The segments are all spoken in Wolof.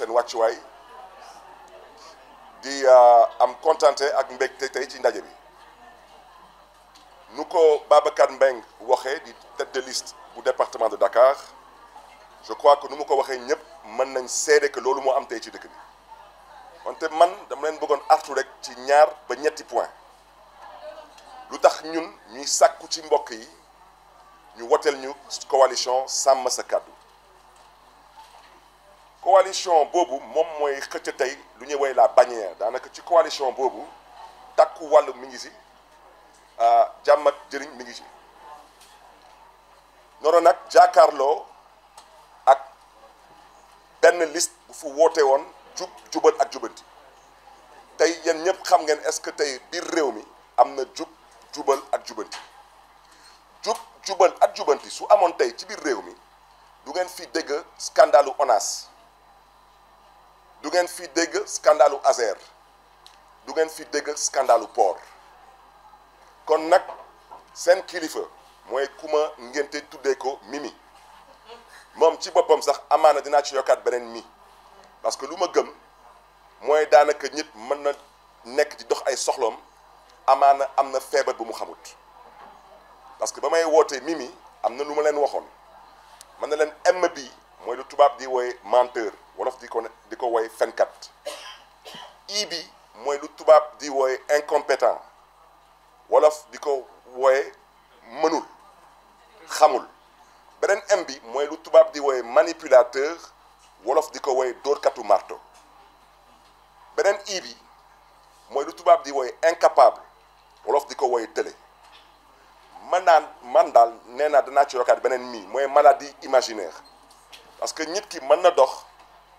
sen seen wàccuwaay di uh, am contenté eh, ak mbégte tay ci ndaje bi nu ko Babacar mbeng waxé di tête de liste bu département de Dakar je crois que nu mu ko waxee ñëpp mën nañ sédé que lolu mo am tay ci dëkk bi on té man dama leen bëggoon artu rek ci ñaar ba ñetti point lutax ñun ñuy sàkku ci mbokk yi ñu wotel ñu coalition sàmm sa kàddu coalition boobu moom mooy xëcc tey lu ñuy woy la bannière daanaka ci coalition boobu takku wàllu mi ngi si ah, jàmm ak jëriñ mi ngi si noonu nag jàkkaarloo ak benn list bu fu woote woon jub jubal ak jubanti tey yéen ñëpp xam ngeen est-ce que tey biir réew mi am na jub jubal ak jubanti jub jubal ak jubanti su amoon tey ci biir réew mi du ngeen fi dégg scandalu ONAS du ngeen fi dégg scandalu Azer du ngeen fi dégg scandalu port kon nag seen kilifa mooy kuma ngénte tuddee ko Mimi moom ci boppam sax amaana dinaa ci yokkaat beneen mi parce que lu ma gëm mooy daanaka nit mën na nekk di dox ay soxloom amaana am na feebar bu mu xamut parce que ba may wootee Mimi am na lu ma leen waxoon mën na leen emm bi mooy lu tubaab di wooye menteur wolof di ko di ko woy fenkat i bi mooy lu tubaab di wooye incompétent wolof di ko wooye mënul xamul beneen m bi mooy lu tubaab di wooye manipulateur wolof di ko wooye dóorkatu marto beneen i bi mooy lu tubaab di wooye incapable wolof di ko wooye tële man naan man daal nee naa danaa ci yokkaat beneen mi mooy maladie imaginaire parce que nit ki mën na dox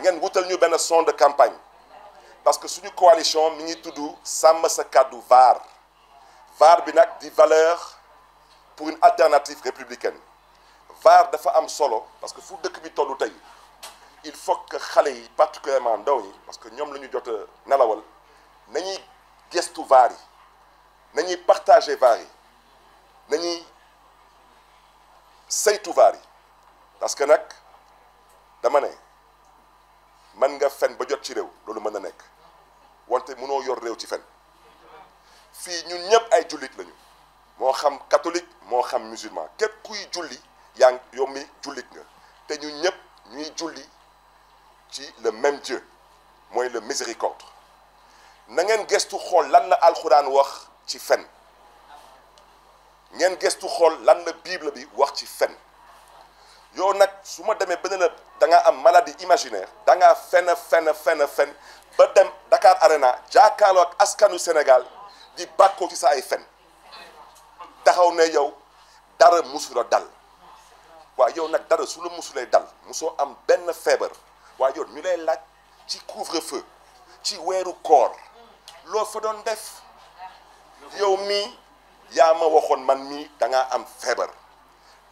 ngeen wutal ñu benn son de campagne parce que suñu coalition mi ngi tudd sàmm sa kàddu VAR VAR bi nag di valeur pour une alternative républicaine VAR dafa am solo parce que fu dëkk bi tollu tey il faut que xale yi particulièrement ndaw yi parce que ñoom la ñu jot a nelawal nañuy gestu VAR yi nañuy partager VAR yi nañuy saytu VAR yi parce que nag dama ne man nga fen ba jot ci réew loolu mën na nekk wante mënoo yor réew ci fen fii ñun ñëpp ay jullit lañu moo xam catholique xam musulman képp kuy julli yaa yow mi nga te ñun ñuy ci le même Dieu mooy le miséricorde na ngeen gestu xool lan la alxuraan wax ci fen ngeen gestu xool lan la bible bi wax ci demee imaginaire da la fen fen fen fen ba Dakar Arena jakalo ak askanu Sénégal di bàkkoo ci sa ay fen taxaw ne yow dara dal yow nag dara su la dal am benn feebar waa ñu lay ci couvre-feu ci weeru koor loo fa doon def yow mii yaa ma waxoon man mii da am feebar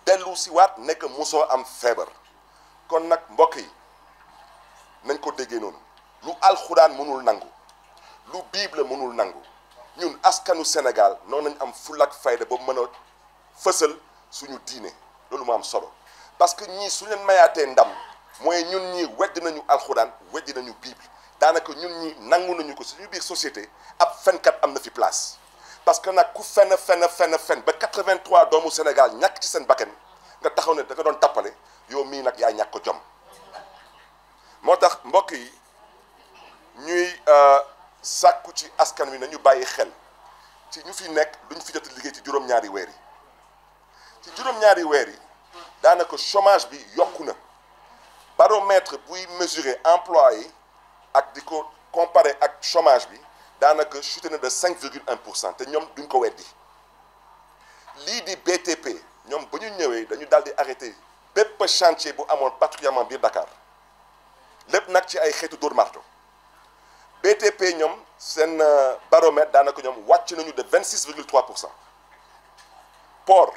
dellu si waat nekk musoo am feebar kon nañ ko déggee noonu lu alxuraan mënul nangu lu bible mënul nangu ñun askanu Sénégal noonu nañ am fulak fayda ba mën a fësal suñu diine loolu moo am solo parce que ñii su leen mayaatee ndam mooy ñun ñii wedd nañu alxuraan weddi nañu bible daanaka ñun ñii nangu nañu ko suñu biir société ab fenkat am na fi place parce que nag ku fen fen fen fen ba 83 doomu Sénégal ñàkk ci seen bakkan nga taxaw ne da nga doon tappale yow mii nag yaa ñàkk ko jom motax tax mbokk yi ñuy euh, sakku ci askan wi nañu bayyi xel ci ñu fi nek duñ fi jott liggéey ci juroom ñaari weer yi ci juroom ñaari weer yi daanaka chômage bi yokku na baromètre buy mesurer employé ak di ko comparer ak chômage bi daanaka chuté na de 5,1% virgule 1 pour cent te ñoom duñ ko weddi lii di BTP ñoom ba ñu ñëwee dañu daldi di arrêté bépp chantier bu amoon particulièrement biir Dakar lépp nag ci ay xeetu dóor marto BTP ñoom seen euh, baromètre daanaka ñoom wàcc nañu de 26 virgule 3 pour cent port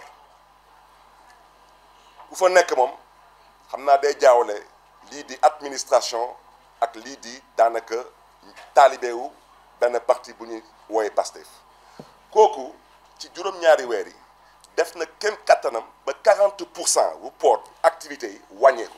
ku fa nekk moom xam naa day jaawale lii di administration ak lii di daanaka taalibeewu benn partie bu ñuy wooye Pastef kooku ci juróom-ñaari weer yi def na kenn kattanam ba 40 pour cent bu port activité yi wàññeeku.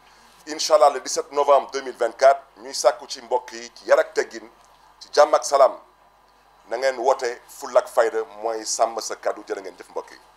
incha allah le 17 novembre 2024 ñuy sàkku ci mbokk yi ci yar ak teggin ci jàmm salaam na ngeen woote fulla ak fayda mooy sàmm sa kàddu jërë ngeen jëf mbokk yi.